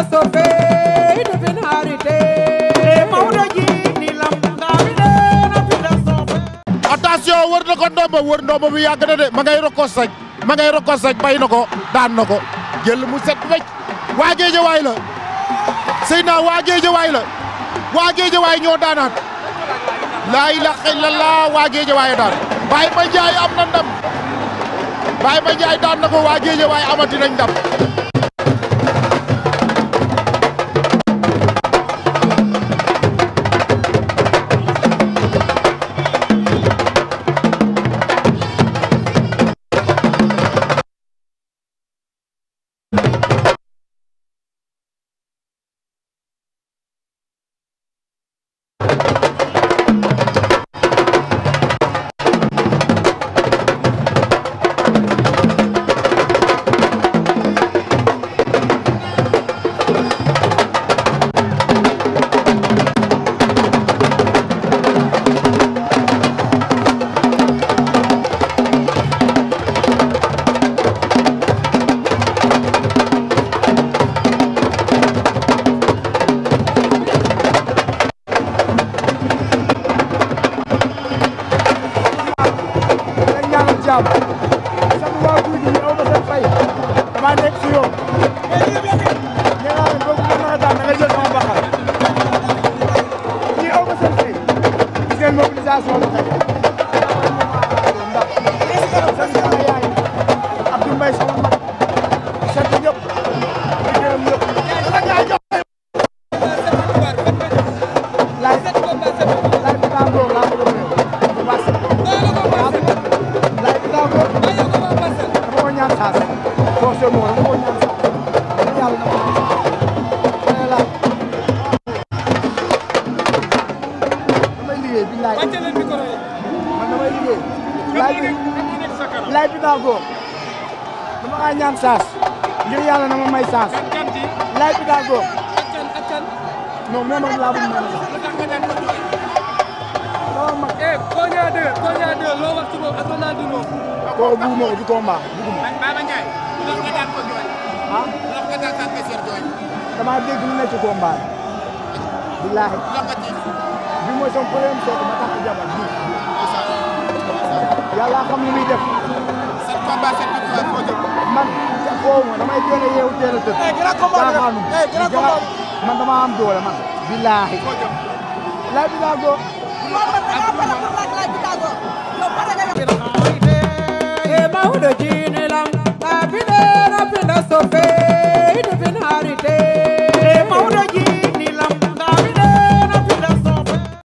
attention wër na ko ndomba wër ndomba bi yàgg na de ma ngay rokkos rek ma ngay rokkos rek bay na ko daan na ko jël mu set wecc waa Géejawaay la Seyna waa Géejawaay la waa Géejawaay ñoo daanaat laa ilaaha illallaah waa Géejawaay daan Baye Mandiaye am na ndam Baye Mandiaye daan na ko waa Géejawaay amati nañ ndam jàmm sama waa guy gi aw ma seen fay damaa nekk si yoon nee naa leen boo ko mën a daan da nga jël sama baxal ñii aw ma seen fay gis ngeen mobilisation bi tey ndax seen sama yaay Abdou Mbaye sama mag sant ñëpp yëkkatee leen micro yi. bi laaj ñaan saas. ngir yàlla na ma may saas. laaj bi daa góor. non même ak laa bëgg mën a sax. sama mag. eh Konia ah? ne ci billaahi. bi mooy sama problème soog ma tax a jabar bi yàlla xam lu muy def. seen combat seen combat foo jëm. man foo ma damay teel a yeewu teel a tëdd. Eh, eh, man dama am doole man. billaahi. laaj bi daa góor.